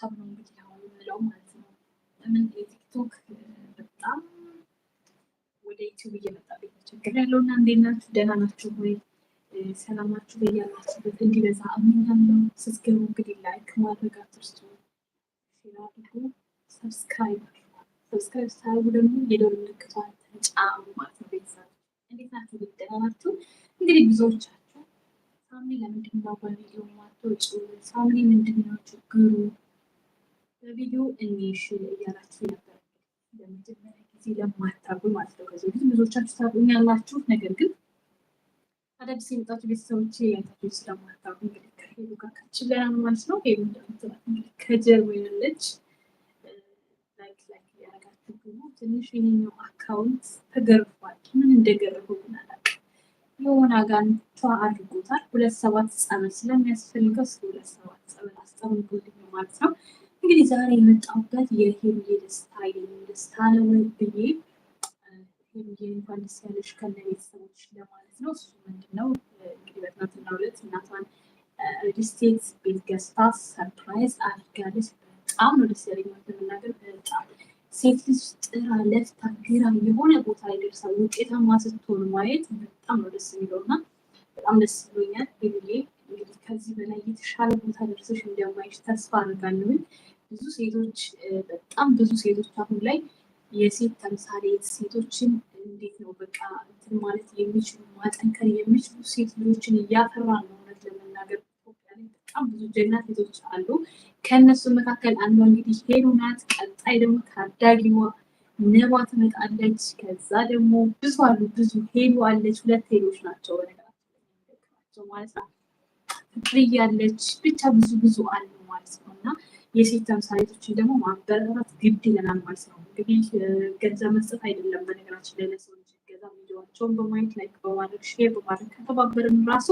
ሀሳብ ነው እንግዲህ አሁን የምለው ማለት ነው። ለምን የቲክቶክ በጣም ወደ ዩቲዩብ እየመጣ ቤት ችግር ያለው እና እንዴት ናችሁ? ደህና ናችሁ ወይ? ሰላማችሁ በያላችሁበት እንዲበዛ አምኛለሁ። ስትገቡ እንግዲህ ላይክ ማድረግ አትርሱ። ሼር አድርጉ፣ ሰብስክራይብ ሰብስክራይብ ስታደርጉ ደግሞ የደወል ምልክቷን ተጫኑ ማለት ነው። ቤተሰብ እንዴት ናችሁ? ደህና ናችሁ? እንግዲህ ብዙዎቻችሁ ሳምኒ ለምንድን ነው በቪዲዮ ማትወጪው? ሳምኒ ምንድን ነው ችግሩ? በቪዲዮ እኒሽ እያላችሁ ነበር። ለመጀመሪያ ጊዜ ለማታውቁ ማለት ነው። ከዚህ በፊት ብዙዎቻችሁ ታውቁኝ ያላችሁ ነገር ግን አዳዲስ የመጣችሁ ቤተሰቦች ያታችሁ ስለማታውቁ እንግዲህ ከሄዱ ጋር ነው ማለት ነው። ሄዱ እንደምትባት እንግዲህ ከጀርባ ያለች ላይክ ላይክ እያረጋችሁ ደግሞ ትንሽ ይህኛው አካውንት ተገርፏል። ምን እንደገረፈው ግን አላውቅም። የሆነ አጋንቷ አድርጎታል። ሁለት ሰባት ጸበል ስለሚያስፈልገው እስከ ሁለት ሰባት ጸበል አስጠምቁልኝ ማለት ነው። እንግዲህ ዛሬ የመጣሁበት የሄምዬ ደስታ የኔ ደስታ ነው ብዬ ሄምዬ እንኳን ደስ ያለሽ ከነ ቤተሰቦች ለማለት ነው። እሱ ምንድን ነው እንግዲህ በትናንትናው ዕለት እናቷን ሪልስቴት ቤት ገዝታ ሰርፕራይዝ አድርጋለች። በጣም ነው ደስ ያለኝ መናገር በጣም ሴት ልጅ ጥራ ለፍታ ግራ የሆነ ቦታ ላይ ደርሳ ውጤታማ ስትሆን ማየት በጣም ነው ደስ የሚለው እና በጣም ደስ ብሎኛል ብዬ እንግዲህ ከዚህ በላይ የተሻለ ቦታ ደርሰሽ እንደማይሽ ተስፋ አድርጋለሁኝ። ብዙ ሴቶች በጣም ብዙ ሴቶች አሁን ላይ የሴት ተምሳሌት ሴቶችን እንዴት ነው በቃ እንትን ማለት የሚችሉ ማጠንከር የሚችሉ ሴት ልጆችን እያፈራ ነው። እውነት ለመናገር ኢትዮጵያ ላይ በጣም ብዙ ጀግና ሴቶች አሉ። ከእነሱ መካከል አንዷ እንግዲህ ሄሉ ናት። ቀጣይ ደግሞ ታዳጊዋ ነባ ትመጣለች። ከዛ ደግሞ ብዙ አሉ ብዙ ሄሉ አለች። ሁለት ሄሎች ናቸው በነገራቸው ማለት ነው። ጥያለች ብቻ ብዙ ብዙ አለ ማለት ነው እና የሴት ተምሳሌቶችን ደግሞ ማበረታት ግድ ይለናል ማለት ነው። እንግዲህ ገንዘብ መስጠት አይደለም በነገራችን ላይ ለሰው ልጅ ገዛ ቪዲዮቸውን በማየት ላይክ በማድረግ ሼር በማድረግ ከተባበርን ራሱ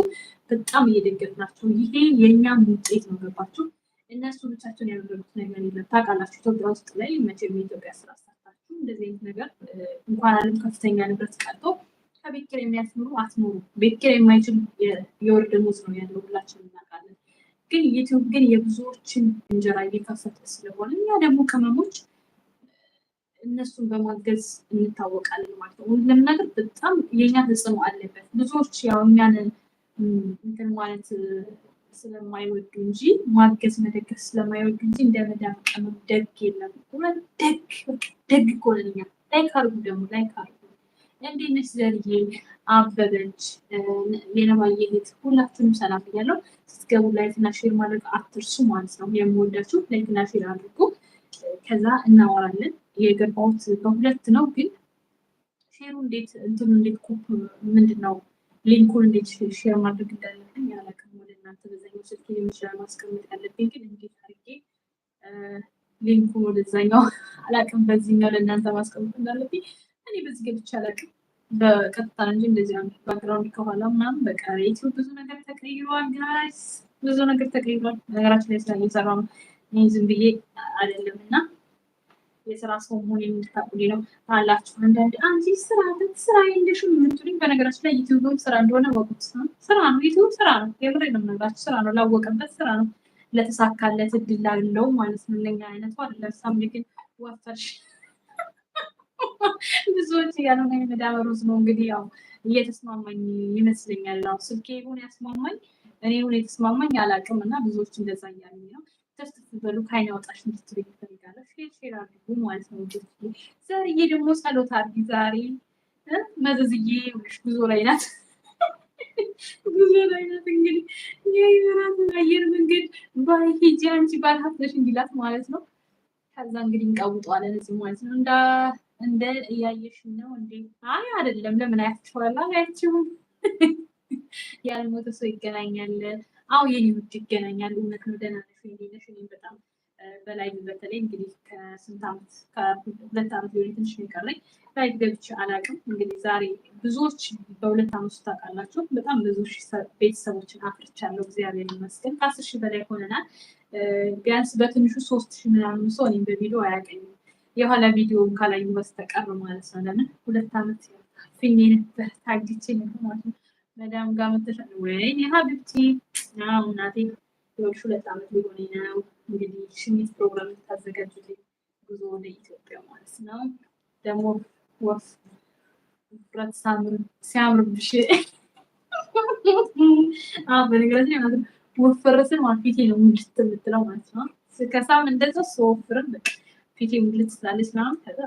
በጣም እየደገፍ ናቸው። ይሄ የእኛም ውጤት ነው። ገባችሁ? እነሱ ብቻቸውን ያደረጉት ነገር የለም። ታውቃላችሁ ኢትዮጵያ ውስጥ ላይ መቼም የኢትዮጵያ ስራ ሰርታችሁ እንደዚህ አይነት ነገር እንኳን አለም ከፍተኛ ንብረት ቀርቶ ከቤት ኪራይ የሚያስምሩ አስምሩ። ቤት ኪራይ የማይችል የወር ደመወዝ ነው ያለው፣ ሁላችን እናውቃለን። ግን ዩቲዩብ ግን የብዙዎችን እንጀራ እየከፈተ ስለሆነ እኛ ደግሞ ቅመሞች እነሱን በማገዝ እንታወቃለን ማለት ነው። ለምናገር በጣም የኛ ተጽዕኖ አለበት። ብዙዎች ያው እኛን እንትን ማለት ስለማይወዱ እንጂ ማገዝ መደገፍ ስለማይወዱ እንጂ እንደ መዳም ቅመም ደግ የለም። ደግ ደግ ከሆነ ላይክ አርጉ ደግሞ ላይክ አርጉ እንዴት ነሽ ዘርዬ፣ አበበች፣ የለማየ እህት ሁላችሁንም ሰላም ብያለሁ። ስትገቡ ላይክና ሼር ማድረግ አትርሱ ማለት ነው። የምወዳችሁ ላይክና ሼር አድርጉ። ከዛ እናወራለን። የገባሁት በሁለት ነው ግን ሼሩ እንዴት እንትኑ እንዴት ኮፕ ምንድን ነው ሊንኩን እንዴት ሼር ማድረግ እንዳለብን ያላቅም ወደ እናንተ በዛኛው ስልክ የሚችላል ማስቀመጥ ያለብኝ ግን እንዴት አድርጌ ሊንኩን ወደዛኛው አላቅም በዚህኛው ለእናንተ ማስቀመጥ እንዳለብኝ እኔ በዚህ ገብቼ አላውቅም በቀጥታ እንጂ እንደዚህ አይነት ባክግራውንድ ከኋላ ምናምን በቃ ኢትዮ ብዙ ነገር ተቀይሯል፣ ጋይስ ብዙ ነገር ተቀይሯል። ነገራችን ላይ ስራ እየሰራ ነው። ዝም ብዬ አይደለም እና የስራ ሰው መሆን የምታቁል ነው አላችሁ። አንዳንድ አንቺ ስራ ስራ የለሽ የምትሉኝ፣ በነገራችን ላይ ዩቲዩብም ስራ እንደሆነ ወቁት። ስራ ነው፣ ዩቲዩብ ስራ ነው። የምሬ ነው የምነግራችሁ፣ ስራ ነው። ላወቀበት ስራ ነው፣ ለተሳካለት እድል አለው ማለት ነው። ለኛ አይነቱ አይደለም ሳምሊክን ወፈርሽ ብዙዎች ያልሆነ የመዳበ ሩዝ ነው። እንግዲህ ያው እየተስማማኝ ይመስለኛል። ያው ስልኬ ሆን ያስማማኝ እኔ ሆን የተስማማኝ አላውቅም። እና ብዙዎች እንደዛ እያሉ ነው። ተስት በሉ ከአይን አውጣሽ እንድትል ይፈልጋለ። ሼር ሼር አድርጉ ማለት ነው። ጅ ዛርዬ ደግሞ ጸሎት አድርጊ። ዛሬ መዘዝዬ ውሽ ጉዞ ላይ ናት፣ ጉዞ ላይ ናት። እንግዲህ የራትን አየር መንገድ ባይሄጂ አንቺ ባልሀብተሽ እንዲላት ማለት ነው። ከዛ እንግዲህ እንቃውጠዋለን እዚህ ማለት ነው እንዳ እንደ እያየሽ ነው እንዴ? አይ አይደለም። ለምን አያችኋል? አያችሁም? ያልሞተ ሰው ይገናኛል። አሁ የኔ ውድ ይገናኛል። እውነት ነው። ደህና ነሽ? እንዴት ነሽ? እኔም በጣም በላይ በተለይ እንግዲህ ከስንት ዓመት ከሁለት ዓመት ሊሆን ትንሽ የቀረኝ ላይ ገብቼ አላውቅም። እንግዲህ ዛሬ ብዙዎች በሁለት ዓመት ውስጥ ታውቃላችሁ፣ በጣም ብዙ ቤተሰቦችን አፍርቻለሁ። እግዚአብሔር ይመስገን ከአስር ሺህ በላይ ሆነናል። ቢያንስ በትንሹ ሶስት ሺህ ምናምን ሰው እኔም በቪዲዮ አያውቀኝም የሆነ ቪዲዮ ካላዩ በስተቀር ማለት ነው። ለምን ሁለት ዓመት ፊኔ ነበር ታግቼ ነበር ማለት ነው። መዳም ጋር መተሻለ ወይ ሀቢብቲ ነው እናቴ ሮች ሁለት ዓመት ሊሆን ነው እንግዲህ ሽኝት ፕሮግራም ታዘጋጁልኝ ጉዞ ወደ ኢትዮጵያ ማለት ነው። ደግሞ ወፍ ውፍረት ሲያምርብሽ በነገራችን ላይ ማለት ነው ወፈረስን ማለት ነው ምንድት የምትለው ማለት ነው። ከሳም እንደዛ ስወፍርን በቃ ፊቴ ውልት ስላለች ምናምን ከዛ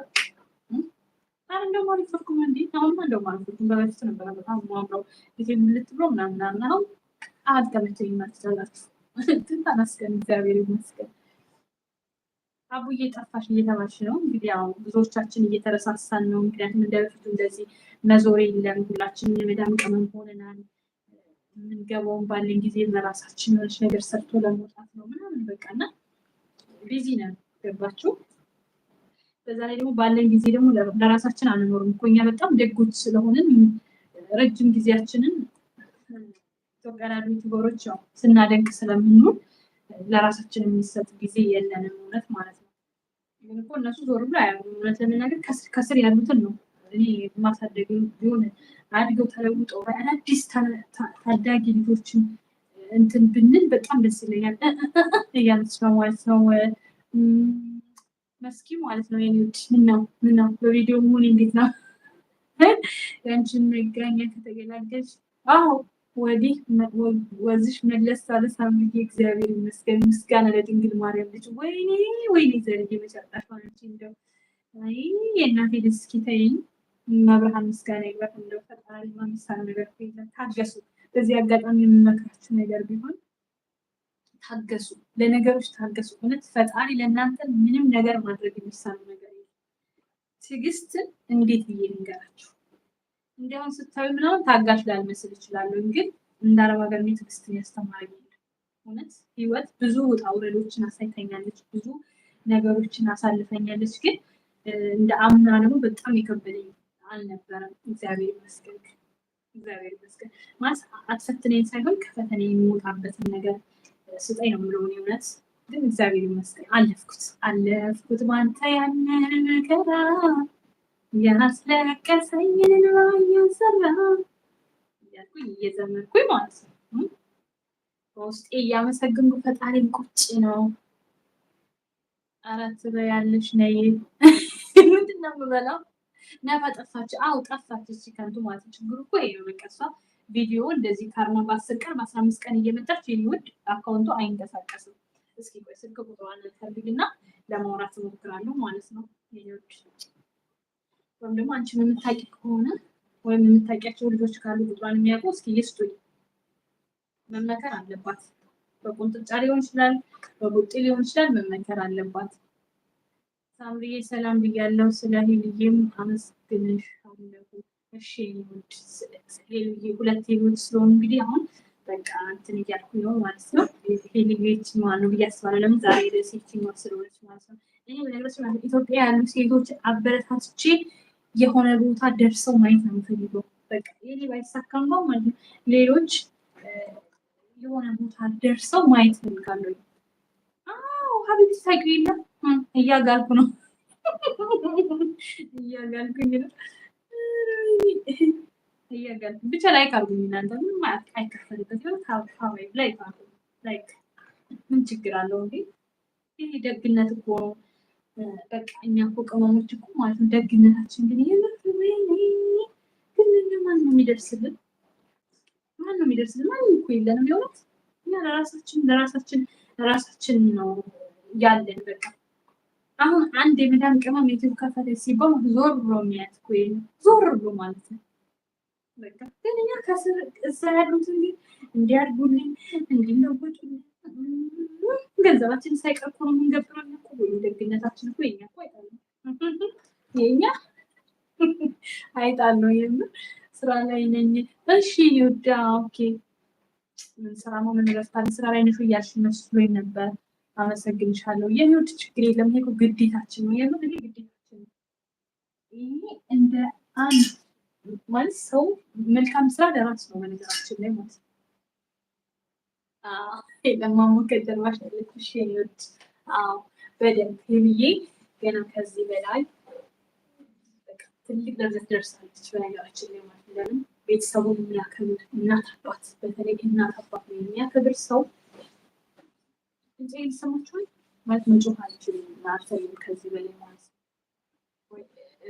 አረ እንደውም አልፈርኩም እንዲ አሁን እንደውም አልፈርኩም። በበፊቱ ነበረ በጣም ማምረው ፊቴ ውልት ብሎ ምናምናምን አሁን አድቀመቸኝ ማትችላላችሁ ግን ተመስገን እግዚአብሔር ይመስገን። አቡ እየጠፋሽ እየተባልሽ ነው እንግዲህ ያው ብዙዎቻችን እየተረሳሳን ነው። ምክንያቱም እንደ እንደዚህ መዞር የለም። ሁላችን የመዳም ቀመም ሆነናል። የምንገባውን ባለን ጊዜ ለራሳችን የሆነች ነገር ሰርቶ ለመውጣት ነው ምናምን በቃ እና ቢዚ ነን ገባችሁ በዛ ላይ ደግሞ ባለን ጊዜ ደግሞ ለራሳችን አንኖርም እኮ እኛ በጣም ደጎች ስለሆንን ረጅም ጊዜያችንን ኢትዮጵያ ላሉ ዩቲዩበሮች ያው ስናደንቅ ስለምንሆን ለራሳችን የሚሰጥ ጊዜ የለንም። እውነት ማለት ነው። ግን እኮ እነሱ ዞር ብሎ አያሉ እውነት ለመናገር ከስር ያሉትን ነው እኔ ማሳደግ ቢሆን አድገው ተለውጠው አዳዲስ ታዳጊ ልጆችን እንትን ብንል በጣም ደስ ይለኛል። እያለች ነው ማለት ነው መስኪ ማለት ነው የኔ ውድ ምነው ምነው በቪዲዮ መሆን እንዴት ነው ያንቺን መገኘት ከተገላገልሽ አዎ ወዲህ ወዚሽ መለስ ሳለ ሳምዬ እግዚአብሔር ይመስገን ምስጋና ለድንግል ማርያም ልጅ ወይኔ ወይኔ ዘርጌ መጨረሻ ነች እንደው አይ የእናቴ ደስኪ ተይኝ መብርሃን ምስጋና ይግባት እንደው ፈጣሪ ማምሳል ነገር ታገሱ በዚህ አጋጣሚ የምመክራችሁ ነገር ቢሆን ታገሱ፣ ለነገሮች ታገሱ። እውነት ፈጣሪ ለእናንተ ምንም ነገር ማድረግ የሚሳነው ነገር የለም። ትዕግስትን እንዴት ብዬ ልንገራችሁ? እንዲያውም ስታዩ ምናምን ታጋሽ ላልመስል እችላለሁ፣ ግን እንደ አረብ ሀገር ነው ትዕግስትን ያስተማረኝ። እውነት ህይወት ብዙ ውጣ ውረዶችን አሳይተኛለች፣ ብዙ ነገሮችን አሳልፈኛለች። ግን እንደ አምና ደግሞ በጣም የከበደኝ አልነበረም። እግዚአብሔር ይመስገን፣ እግዚአብሔር ይመስገን። ማለት አትፈትነኝ ሳይሆን ከፈተነ የሚወጣበትን ነገር ስጠኝ ነው የምለውን እውነት ግን እግዚአብሔር ይመስገን አለፍኩት አለፍኩት ባንተ ያለ መከራ ያስለቀሰኝ እንባ እያዘራ እያልኩኝ እየዘመርኩኝ ማለት ነው በውስጤ እያመሰግንኩ ፈጣሪን ቁጭ ነው አራት በያለሽ ነይ ምንድን ነው የምበላው ነባ ጠፋች አው ጠፋች እቺ ከንቱ ማለት ችግሩ እኮ ይሄ ነው በቃ እሷ ቪዲዮ እንደዚህ ካርማ በአስር ቀን በአስራ አምስት ቀን እየመጣች የሚወድ አካውንቱ አይንቀሳቀስም። እስኪ ቆይ ስልክ ቁጥሯን ፈልግና ለማውራት እሞክራለሁ ማለት ነው። ሌሎች ወይም ደግሞ አንቺ የምታውቂ ከሆነ ወይም የምታውቂያቸው ልጆች ካሉ ቁጥሯን የሚያውቁ እስኪ ይስጡኝ። መመከር አለባት። በቁንጥጫ ሊሆን ይችላል፣ በቡጤ ሊሆን ይችላል። መመከር አለባት። ሳምሪዬ ሰላም ብያለሁ። ስለ ሂልዬም አመስግንሽ እሺ ውድ ሁለት ሄሎች ስለሆኑ እንግዲህ አሁን በቃ እንትን እያልኩ ነው ማለት ነው። ሄልዮች ማለት ነው ብዬ አስባለሁ። ለምን ዛሬ ሴትዮዋ ስለሆነች ማለት ነው። እኔ በነገራችን ማለት ኢትዮጵያ ያሉ ሴቶች አበረታትቼ የሆነ ቦታ ደርሰው ማየት ነው የምፈልገው። በቃ ይህ ባይሳካም ነው ማለት ነው፣ ሌሎች የሆነ ቦታ ደርሰው ማየት እፈልጋለሁ። አዎ ሀቢብ ታግሪ የለም እያጋልኩ ነው እያጋልኩኝ ነው ብቻ ላይክ አድርጉኝ እናንተ ምንም ላይክ ላይክ ምን ችግር አለው እንዴ? ይህ ደግነት እኮ ነው። በቃ እኛ እኮ ቅመሞች እኮ ማለት ነው ደግነታችን። ግን ግን ማን ነው የሚደርስልን? ማን ነው የሚደርስልን? ማንም እኮ የለንም። የሆነት እኛ ለራሳችን ለራሳችን ለራሳችን ነው ያለን በቃ አሁን አንድ የመዳም ቅመም ዩቱብ ከፈተ ሲባል ዞር ብሎ የሚያት ኮይል ዞር ብሎ ማለት ነው። ግን እኛ ከስር እዛ ያሉት እንዲ እንዲያርጉልኝ እንዲለወጡልን ገንዘባችን ሳይቀር እኮ ነው የምንገብረው። እኛ እኮ ወይም ደግነታችን እኮ የኛ እኮ አይጣል ነው የኛ አይጣል ነው። የምር ስራ ላይ ነኝ። እሺ ይወዳ ኦኬ። ምን ስራ ነው? ምን ረፍታል? ስራ ላይ ነሽ እያልሽ መስሎኝ ነበር። አመሰግንሻለሁ። የህይወት ችግር የለም። ይሄ ግዴታችን ነው። የምን ይሄ ግዴታችን ነው። ይሄ እንደ አንድ ማለት ሰው መልካም ስራ ለራሱ ነው በነገራችን ላይ ማለት ነው። ለማሞከት ጀርባሽ ያለሽ የህይወት በደንብ ብዬ ገና ከዚህ በላይ ትልቅ ደረጃ ደርሳለች። በነገራችን ላይ ማለት ለምን ቤተሰቡን የሚያከብር እናት አባት፣ በተለይ እናት አባት ነው የሚያከብር ሰው ድምፄ ይሰማችኋል? ማለት መጮህ አልችልም አልፈልግም ከዚህ በላይ ማለት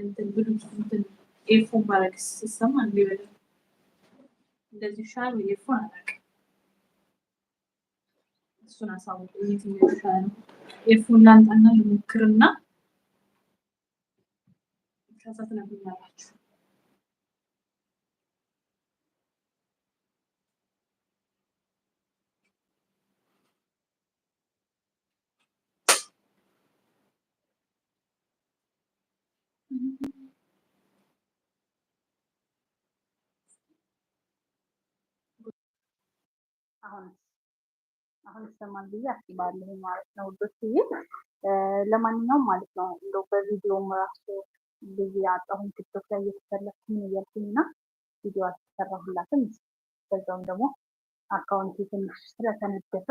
እንትን ብሉት እንትን ኤርፎን ባረግ በለ እንደዚህ ይሻላል ወይ ኤርፎን አላውቅም። እሱን አሳውቁ ነው። ኤርፎን ልሞክርና ከዛ ትነግሩኛላችሁ። አሁን ይሰማል ብዬ አስባለሁ ማለት ነው ውዶች። ለማንኛውም ማለት ነው እንደው በቪዲዮም ራሱ ጊዜ አጣሁኝ ቲክቶክ ላይ እየተፈለግኩ ምን እያልኩኝ እና ቪዲዮ አልተሰራሁላትም። በዛውም ደግሞ አካውንቲ ትንሽ ስለተነደፈ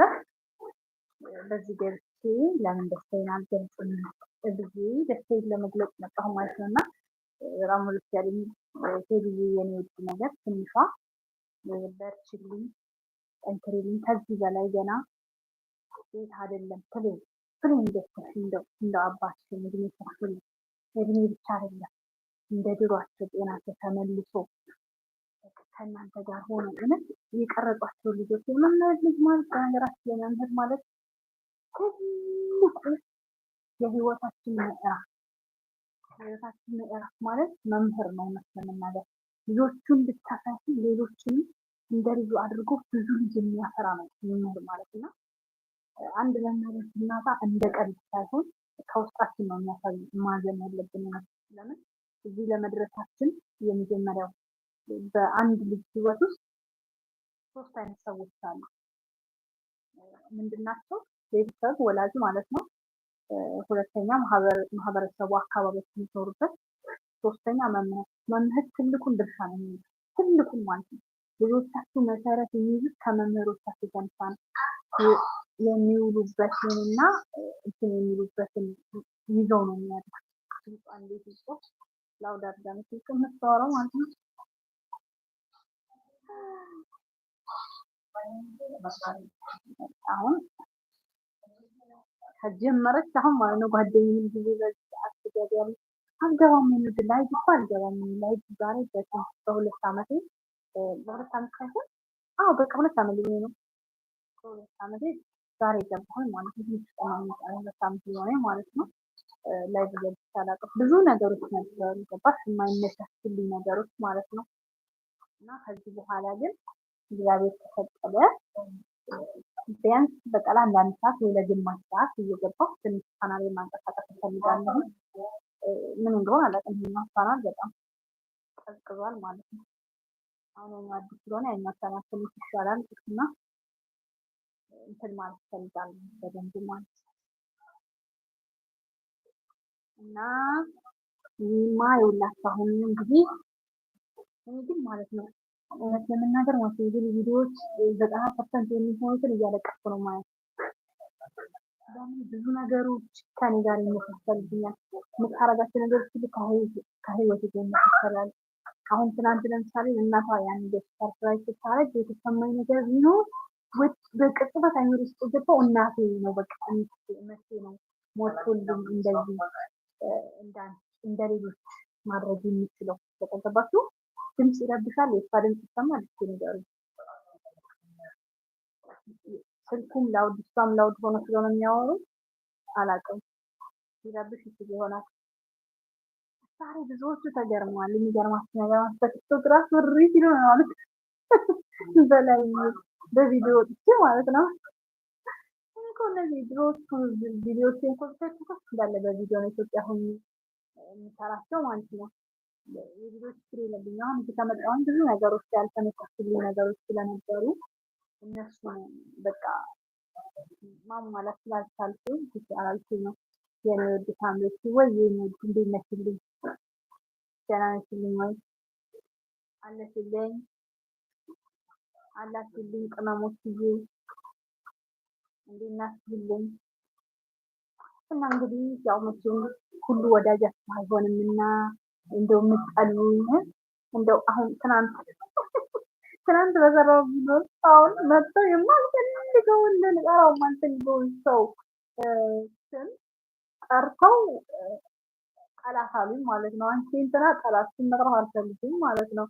በዚህ ገብቼ ለምን ደስታዬን አልገልጽም ነው ብዬ ደስታዬን ለመግለጽ መጣሁ ማለት ነው። እና በጣም ሁለት ያለኝ ቴብዬ የኔ ውድ ነገር ትንሿ በርችልኝ፣ ጠንክሬልኝ ከዚህ በላይ ገና ቤት አይደለም ፕሌን ፕሌን ደስታሽ እንደ አባት አባትሽን እድሜ ስራፍል እድሜ ብቻ አይደለም እንደ ድሯቸው ጤናቸው ተመልሶ ከእናንተ ጋር ሆነ እውነት የቀረጧቸው ልጆች የመምህር ልጅ ማለት በነገራችን የመምህር ማለት ትልቁ የህይወታችን ምዕራፍ የህይወታችን ምዕራፍ ማለት መምህር ነው እውነት ለመናገር ልጆቹን ብቻ ሳይሆን ሌሎችንም እንደ ልጁ አድርጎ ብዙ ልጅ የሚያፈራ ነው መምህር ማለት እና አንድ መምህር ስናጣ እንደ ቀልድ ሳይሆን ከውስጣችን ነው የሚያሳይ ማዘን ያለብን ነው ለምን እዚህ ለመድረሳችን የመጀመሪያው በአንድ ልጅ ህይወት ውስጥ ሶስት አይነት ሰዎች አሉ ምንድናቸው ቤተሰብ ወላጅ ማለት ነው ሁለተኛ ማህበረሰቡ አካባቢዎች የሚኖሩበት፣ ሶስተኛ መምህር መምህር ትልቁን ድርሻ ነው የሚይዙት ትልቁን ማለት ነው። ልጆቻችሁ መሰረት የሚይዙት ከመምህሮቻችሁ የተነሳ ነው። የሚውሉበትን እና እንትን የሚሉበትን ይዘው ነው የሚያደርጉት። እንዴት ይቆፍ ላውድ አድርጋ የምታወራው ማለት ነው። አሁን ከጀመረች አሁን ማለት ነው። ጓደኛዬን ጊዜ በዚህ ሰዓት ትገቢያለሽ አልገባም የሚሉት ላይ ብቻ አልገባም የሚል ላይ ዛሬ በሁለት ዓመቴ በሁለት ዓመት ሳይሆን አዎ በቃ ሁለት ዓመት ሊሆን ነው። በሁለት ዓመቴ ዛሬ ገባሁኝ ማለት ነው። ትንሽ ቀማሚ ሁለት ዓመት ሊሆነ ማለት ነው። ላይ ገብቼ አላውቅም። ብዙ ነገሮች ነበሩ ገባሽ፣ የማይመቻችልኝ ነገሮች ማለት ነው። እና ከዚህ በኋላ ግን እግዚአብሔር ተፈቀደ ቢያንስ በቃ ለአንድ ሰዓት ወይ ለግማሽ ሰዓት እየገባሁ ትንሽ ቻናሌን ማንቀሳቀስ እፈልጋለሁ። ምን እንደሆነ አላውቅም። ይሄኛው ቻናል በጣም ቀዝቅዟል ማለት ነው። አሁን ወይም አዲስ ስለሆነ ያኛው ቻናል ትንሽ ይሻላል እና እንትን ማለት ይፈልጋል በደንብ ማለት ነው እና ይህማ የሁላችሁ አሁን እንግዲህ እንግዲህ ማለት ነው እውነት ለመናገር ማለት ነው ቪዲዮዎች ዘጠና ፐርሰንት የሚሆኑትን እያለቀስኩ ነው ማለት ብዙ ነገሮች ከኔ ጋር የሚመሳሰሉብኛል። የምታረጋቸው ነገሮች ሁሉ ከህይወት ይመሳሰላል። አሁን ትናንት ለምሳሌ እናቷ ያን ሰርፕራይዝ ስታረግ የተሰማኝ ነገር ቢኖር በቅጽበት አይኖር ውስጥ ገባው እናቴ ነው በቃ መቼ ነው ሞቶልም እንደዚህ እንደ ማድረግ የሚችለው ተጠገባችሁ ድምፅ ይረብሻል። የእሷ ድምፅ ይሰማል። እስኪ ንገሩኝ። ስልኩም ላውድ እሷም ላውድ ሆኖ ስለሆነ የሚያወሩ አላውቅም። ሊረብሽ ይችል ይሆናል። ዛሬ ብዙዎቹ ተገርመዋል። የሚገርማችሁ ነገር በቲክቶክ ራሱ ሪ ሲሉ ነው ማለት በላይ በቪዲዮ ወጥቼ ማለት ነው እኮ እነዚህ ድሮዎቹ ቪዲዮዎችን ኮፒ እንዳለ በቪዲዮ ነው ኢትዮጵያ ሁኝ የሚሰራቸው ማለት ነው። የልጆች ፍሬ የለብኝ። አሁን እዚህ ከመጣሁኝ ብዙ ነገሮች ያልተመቻችልኝ ነገሮች ስለነበሩ እነሱ በቃ ማሟላት ስላልቻልኩ አላልኩ ነው የሚወድ ፋሚሊዎች ወይ የሚወድ እንዴት ነሽልኝ፣ ደህና ነሽልኝ ወይ አለሽልኝ አላችሁልኝ ቅመሞች ጊዜ እንዴት ናችሁልኝ? እና እንግዲህ ያው መቼም ሁሉ ወዳጃችሁ አይሆንም እና እንደው የምትጠሉኝ እንደው አሁን ትናንት ትናንት በሰራው ቪዲዮ አሁን መጥተው የማልፈልገውን ልንቀራው የማልፈልገውን ሰው ስም ጠርተው ጠላት አሉኝ ማለት ነው። አንቺ እንትና ጠላት ስመጥረው አልፈልግም ማለት ነው።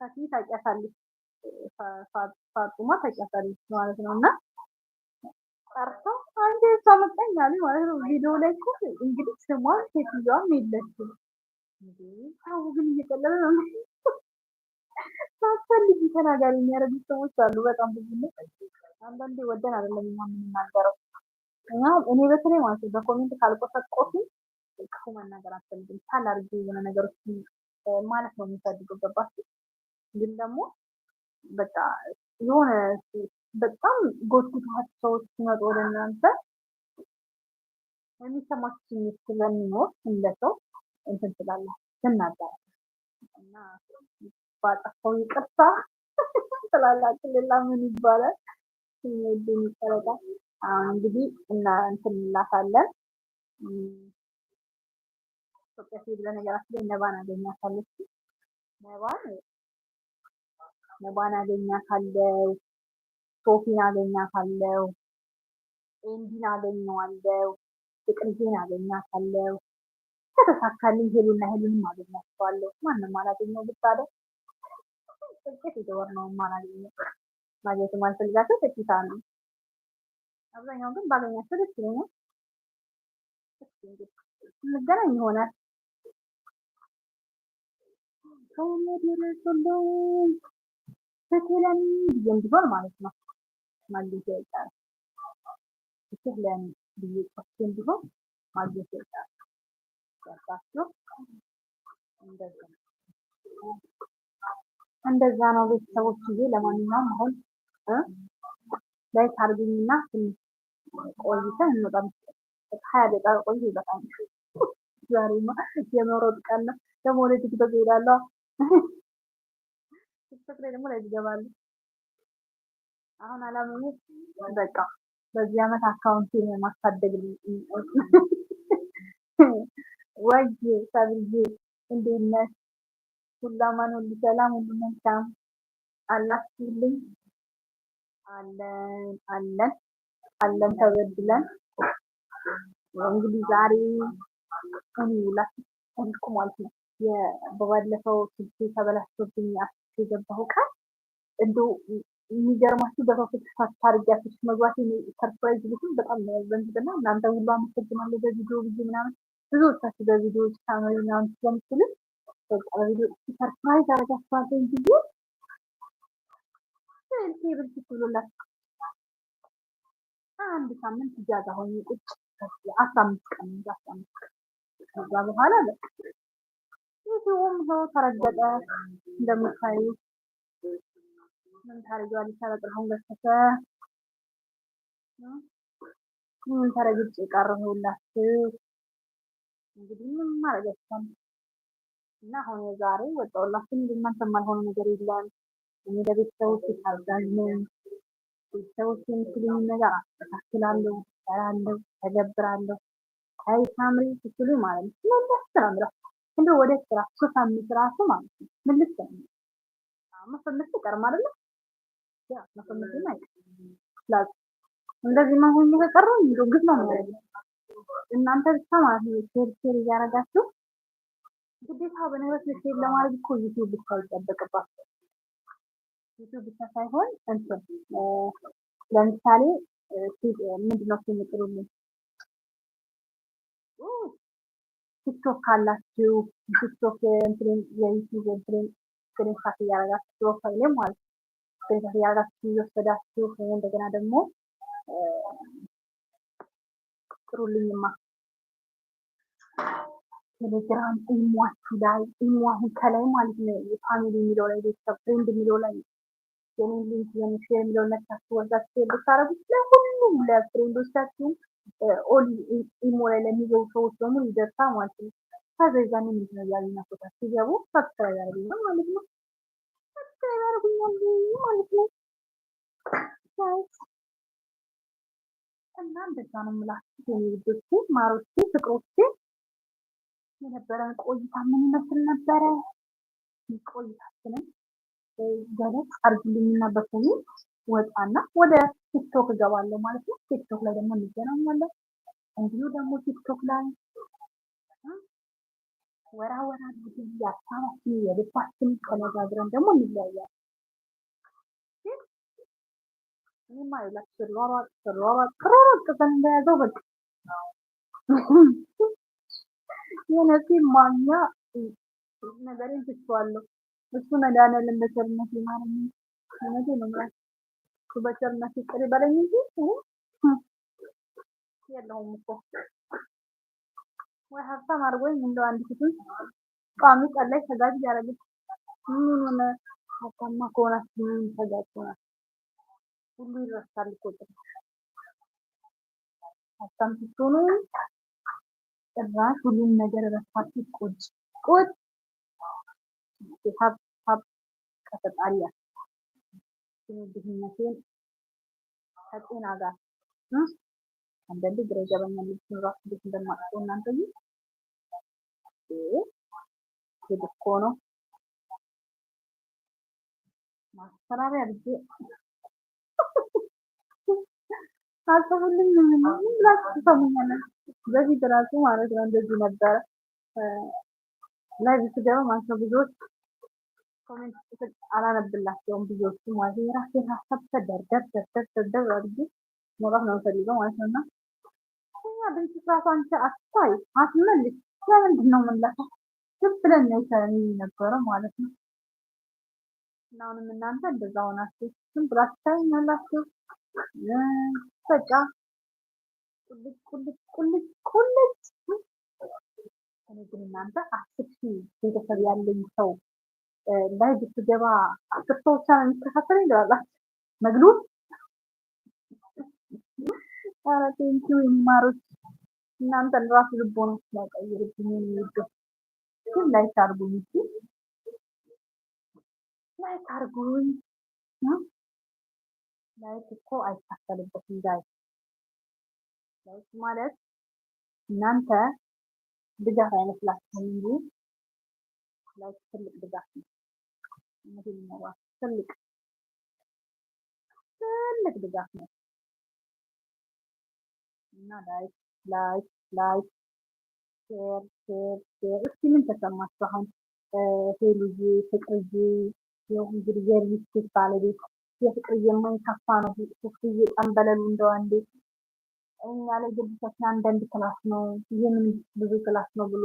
ፈቲ ታውቂያታለሽ፣ ፋጡማ ታውቂያታለሽ ማለት ነው እና ቀርተው አንድ እሷ መጣኝ አሉ ማለት ነው። ቪዲዮ ላይ እኮ እንግዲህ ስሟን ሴትዮዋም የለችም። ሰው ግን እየቀለለ ነው እንግዲህ ሳትፈልጊ ተናጋሪ የሚያደርጉት ሰዎች አሉ። በጣም ብዙ ነው። አንዳንዴ ወደን አይደለም እኛ የምንናገረው እና እኔ በተለይ ማለት በኮሜንት ካልቆሰቆሱ ክፉ መናገር አልፈልግም። ቻል የሆነ ነገሮች ማለት ነው የሚፈልገው ገባችሁ። ግን ደግሞ በቃ የሆነ በጣም ጎትጉታችሁ ሰዎች ሲመጡ ወደ እናንተ የሚሰማችሁ ስሜት ስለሚኖር እንደሰው እንትን ስላላችሁ ትናገራለች እና ባጠፋው ይቅርታ ስላላችሁ ሌላ ምን ይባላል? ስሜድን ይቀረጣል። አሁን እንግዲህ እና እንትን እንላታለን ኢትዮጵያ ሴት በነገራችን ላይ ነባን አገኛታለች። ነባን ነባን አገኛታለሁ ሶፊን አገኛታለሁ፣ ኤንዲን አገኘዋለሁ፣ ፍቅርዬን አገኛታለሁ። ከተሳካልኝ ሄሉና ሄሉንም አገኛቸዋለሁ። ማንም አላገኘው ብታለ ጥቂት የተወር ነው ማላገኘ ማግኘት ማልፈልጋቸው ጥቂት አሉ። አብዛኛው ግን ባገኛቸው ደስ ይለኛል። እንገናኝ ይሆናል ከመድረስ ሁሉ ትክለን ጊዜ እንዲሆን ማለት ነው። ማግኘት ያልቃል። ፍትህ ለእኔ ብዬ ቆፍቼም ቢሆን ማግኘት ያልቃል። ገባችሁ? እንደዛ እንደዛ ነው ቤተሰቦች። ጊዜ ለማንኛውም አሁን ላይ ታርጉኝና ቆይተን እንወጣም። ሀያ ደቂቃ ቆይ በጣም ዛሬማ የመሮጥ ቀን ነው። ደግሞ ወደ ቲክቶክ እሄዳለሁ። ቲክቶክ ላይ ደግሞ ላይ ይገባሉ። አሁን አላማዬ በቃ በዚህ አመት አካውንት የማሳደግ ወይ ሰብዬ እንዴት ነሽ? ሁላማን ሁሉ ሰላም፣ ሁሉ መልካም አላችሁልኝ? አለን አለን አለን ተበድለን እንግዲህ ዛሬ እኔ ላፊት እንድኩ ማለት ነው። በባለፈው ስልኬ ተበላሽቶብኝ አፍቼ የገባሁ ቀን እንዶ የሚገርማችሁ በቶፒክ ሰርች አድርጊያችሁ መግባት ሰርፕራይዝ ልኩም በጣም በንዝና እናንተ ሁሉ አመሰግናለሁ በቪዲዮ ብዙ ምናምን ብዙዎቻችሁ በቪዲዮ ሳኖሪ ናን ስለምትሉ በቪዲዮ ሰርፕራይዝ አረጋችኋለኝ ጊዜ ስልቴ ብሎላችሁ አንድ ሳምንት እጃዛ ሆኜ ቁጭ አስራ አምስት ቀን አስራ አምስት ቀን ከዛ በኋላ በቃ ዩቲዩብም ሰው ተረገጠ እንደምታዩት ምን ታደርጊዋለሽ? ኧረ ገሰሰ ምን ተረግጬ ቀረሁላችሁ። እንግዲህ ምን ማድረግ ያስቻል እና አሁን የዛሬ ወጣሁላችሁ። እናንተ የማልሆነ ነገር የለም። እኔ ለቤተሰቦች ታዛዥ ቤተሰቦች የምትሉኝ ነገር አስተካክላለሁ፣ እሰራለሁ፣ ተገብራለሁ። አይ ሳምሪ ስትሉ ማለት ነው መለስ ስራ ምራት እንደ ወደ ስራ ሶሳ ራሱ ማለት ነው ምልስ ምልስ ቀርም አይደለም እንደዚህ መሆን ከቀረ እንደው ግን ነው የሚሆነው። እናንተ ብቻ ማለት ነው ሼር ሼር እያደረጋችሁ ግዴታ በነገሮች ላይ ሼር ለማድረግ እኮ ዩቲዩብ ብቻ ይጠበቅባቸዋል። ዩቲዩብ ብቻ ሳይሆን እንትን ለምሳሌ ምንድነው ነው የሚጥሩልኝ ቲክቶክ ካላችሁ ቲክቶክ እንትን የዩቲዩብ እንትን ስክሪንሻት እያደረጋችሁ ፕሮፋይሌ ማለት ነው ፕሪንት ያደረጋችሁ እየወሰዳችሁ እንደገና ደግሞ ጥሩልኝማ ቴሌግራም ኢሟችሁ ላይ ኢሞ አሁን ከላይ ማለት ነው የፋሚሊ የሚለው ላይ ቤተሰብ ፍሬንድ የሚለው ላይ የኔን ሊንክ የምሽር የሚለው ነካችሁ ወዛችሁ ብታረጉት ለሁሉም ለፍሬንዶቻችሁም ኦል ኢሞ ላይ ለሚገቡ ሰዎች በሙሉ ይደርሳ ማለት ነው። ከዛ ዛኔ ምንድነው ያሉና ፎታ ሲገቡ ሰብስክራይብ ያደርጉ ማለት ነው። ያደርጉኛል ማለት ነው። እና እንደዛ ነው የምላችሁ የኔ የነበረን ቆይታ ምን ይመስል ነበረ? ቆይታችንን ገለጽ አድርጉልኝና ወጣና ወደ ቲክቶክ እገባለሁ ማለት ነው። ቲክቶክ ላይ ደግሞ እንገናኛለን። እንዲሁ ደግሞ ቲክቶክ ላይ ወራ ወራ ምግብ ያታማስ የልፋችን ተነጋግረን ደግሞ እንለያያለን። ግን እኔማ ስሯሯጥ ስሯሯጥ ክሮሮጥ ቅጠል እንደያዘው በቃ የነሲ ማኛ ነገሬን ትችዋለሁ። እሱ መድኃኒዓለም በቸርነት ይማረኝ። እውነቴ ነው ምራ በቸርነት ይቅር ይበለኝ እንጂ የለሁም እኮ ወይ ሀብታም አድርጎኝ እንደው አንድ ፊቱን ቋሚ ጠላይ ተጋጅ ያደረግች ምን ሆነ ሀብታማ ከሆናት ምን ተጋጅ ሆናት ሁሉ ይረሳል እኮ ጭራሽ ሀብታም ስትሆኑ ጭራሽ ሁሉም ነገር ረሳችሁ ቁጭ ቁጭ ሀብ ሀብ ከፈጣሪ ድህነቴን ከጤና ጋር አንዳንዴ ግራ ይገባኛል ልጅ ራሱ ቤት እንደማጥቆ እናንተ የድኮኖ ማስፈራሪያ አድርጌ አልተሁልም ብላችሁ ትሰሙኛላችሁ። በፊት ራሱ ማለት ነው እንደዚህ ነበረ። ላይ ብትገባ ማለት ነው ብዙዎች ኮሜንት አላነብላቸውም። ብዙዎቹ ማለት ነው የራሴን ሀሳብ ተደርደር አድርጌ መውጣት ነው የምፈልገው ማለት ነው እና እኛ ድምፅ ስራቷ አንቺ አትመልስ ለምንድን ነው የምንለፋው? ዝም ብለን ነው የነበረው ማለት ነው። እና አሁንም እናንተ እንደዛ ሆናችሁ ዝም ብላችሁ ታይኛላችሁ። በቃ ቁልጭ ቁልጭ ቁልጭ ቁልጭ። እኔ ግን እናንተ አስር ሺህ ቤተሰብ ያለኝ ሰው ላይ ብትገባ አስር ሰው ብቻ ነው የሚከታተል ይለዋላችሁ መግሉ ኧረ ቴንኪው ይማሮች እናንተን ራሱ ልቦናችሁ ያቀይርብኝ የሚወደው ግን ላይክ አድርጉኝ እንጂ ላይክ አድርጉኝ። ላይክ እኮ አይታከልበትም ጋይ ላይክ ማለት እናንተ ድጋፍ አይመስላችሁም እንጂ ላይክ ትልቅ ድጋፍ ነው። እነዚህ ትልቅ ትልቅ ድጋፍ ነው እና ላይክ ላይክ ላይክ ሼር ሼር ሼር። እስኪ ምን ተሰማችሁ አሁን? ሄሉዬ ፍቅርዬ እንግዲህ የሪልስቴት ባለቤት የፍቅርዬ የማይከፋ ነው። ፍቅርዬ ጠንበለሉ እንደው አንዴ እኛ ላይ ግብቻችን አንዳንድ ክላስ ነው ይህምን ብዙ ክላስ ነው ብሎ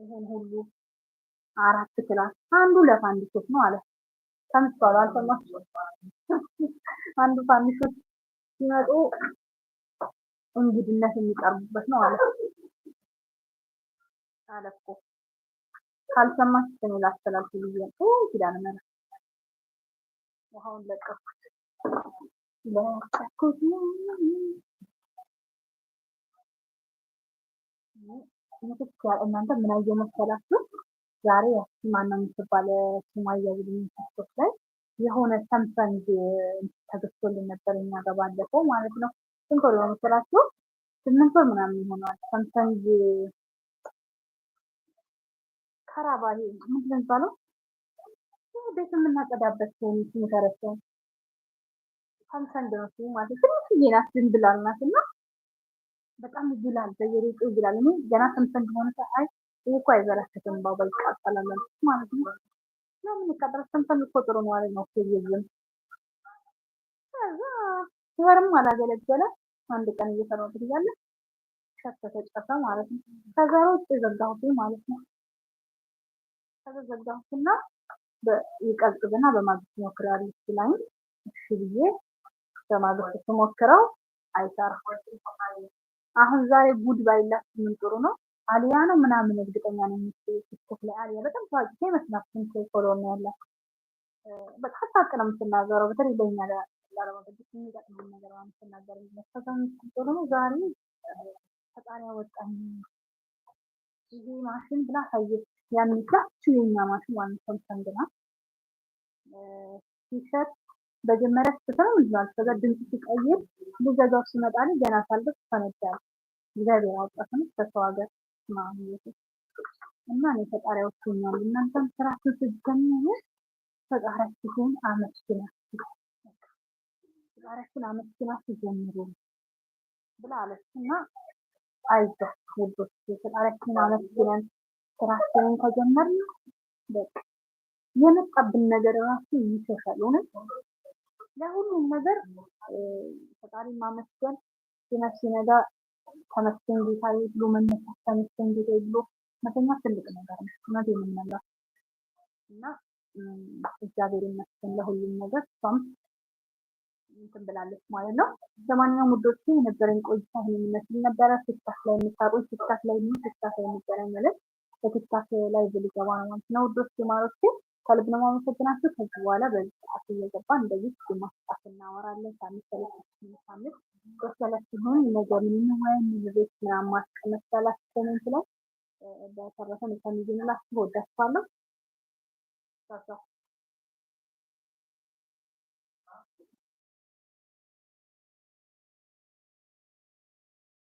ይህን ሁሉ አራት ክላስ አንዱ ለፋንዲሾት ነው አለ። ተምቷል። አልሰማችሁም? አንዱ ፋንዲሾት ሲመጡ እንግድነት የሚቀርቡበት ነው አለ አለ እኮ ካልሰማችሁ እኔ ላስተላልፍ ብዬ ነው። ኪዳነ ምህረት ውሃውን ለቀኩት ለቀኩት። እናንተ ምን አየህ መሰላችሁ ዛሬ ያቺ ማነው የምትባለ ስሟ እያየሁ ልኝ ቲክቶክ ላይ የሆነ ሰምሰንግ ተገዝቶልን ነበር እኛ ጋር ባለፈው ማለት ነው። ስንት ወር የሆነ ስምንት ወር ምናምን ይሆነዋል። ሰምሰንግ ከራባ ምንድን ነው የሚባለው ቤት የምናጸዳበት ስሙ ተረሳኝ። ተንፈንግ ነው ስሙ ማለት ትንሽ ዜና ዝም ብላል ናት እና በጣም ይላል፣ በየሬጡ ይላል። እኔ ገና ሰምሰንግ ሆነ ሰአይ ይህ እኮ አይበረከትም ባው በቃ ማለት ነው ለምን ይቀጥራል እኮ ጥሩ ነው አለ ነው ሲይዝም ከዛ አላገለገለ። አንድ ቀን እየሰራሁበት እያለ ሸተተ ጨፈ ማለት ነው። ከዛ ውጭ ዘጋሁት ማለት ነው። ከዛ ዘጋሁትና ይቀዝቅዝና በማግስት ሞክራለሁ ሲላኝ እሺ ብዬ በማግስት ስሞክረው አይሰራም። አሁን ዛሬ ጉድ ባይላችሁ ምን ጥሩ ነው። አሊያ ነው ምናምን እርግጠኛ ነው የምትል ቲክቶክ ላይ አሊያ በጣም ታዋቂ ፌመስ ናት። ስንት ፎሎ ነው ያላት? በጣም ሀቅ ነው የምትናገረው። በተለይ በኛ ለአረባ ቅዱስ የሚጠቅመን ነገር የምትናገር መስፈሰምቶ ዛሬ ፈጣሪ ያወጣኝ ይሄ ማሽን ብላ ታየች። ያን ብላች የኛ ማሽን ዋን ሰምሰንግ ናት። ቲሸርት መጀመሪያ ስትሰራው ይዟል። ከዛ ድምፅ ሲቀይር ልዘጋው ሲመጣልኝ ገና ሳልደርስ ፈነዳል። እግዚአብሔር አውጣት ነው ከሰው ሀገር እና እኔ ፈጣሪያዎች ሆኛሉ። እናንተም ስራችሁ ስትጀምሩ ፈጣሪያችሁን አመስግናችሁ ፈጣሪያችሁን አመስግናችሁ ጀምሩ ብላ አለች እና አይዟችሁ ውዶች ፈጣሪያችንን አመስግነን ስራችንን ከጀመርን በቃ የመጣብን ነገር ራሱ ይሸሻል። እውነት ለሁሉም ነገር ፈጣሪ ማመስገን ሲነጋ ተመስገን ጌታ ብሎ መነሳት ተመስገን ጌታ ብሎ መተኛት ትልቅ ነገር ነው። እውነት የምንነግራ እና እግዚአብሔር ይመስገን ለሁሉም ነገር እሷም እንትን ብላለች ማለት ነው። ለማንኛውም ውዶች የነበረኝ ቆይታ ይህን የሚመስል ነበረ። ቲክታክ ላይ የምታቆይ ቲክታክ ላይ ምን ቲክታክ ላይ የሚገናኝ ማለት በቲክታክ ላይ ብልገባ ነው ማለት ነው። ውዶች ጅማሮች ከልብ ነው የማመሰግናችሁ። ከዚህ በኋላ በዚህ ሰዓት እየገባ እንደዚህ ማስጣት ሰዓት እናወራለን ሳምንት ሰለት ሳምንት ሲሆን ነገ ምንወያይ ቤት ምናምን ማስቀመጥ ያላችሁ ኮሜንት ላይ በተረፈ መልካም ጊዜ እንላችሁ። እወዳችኋለሁ።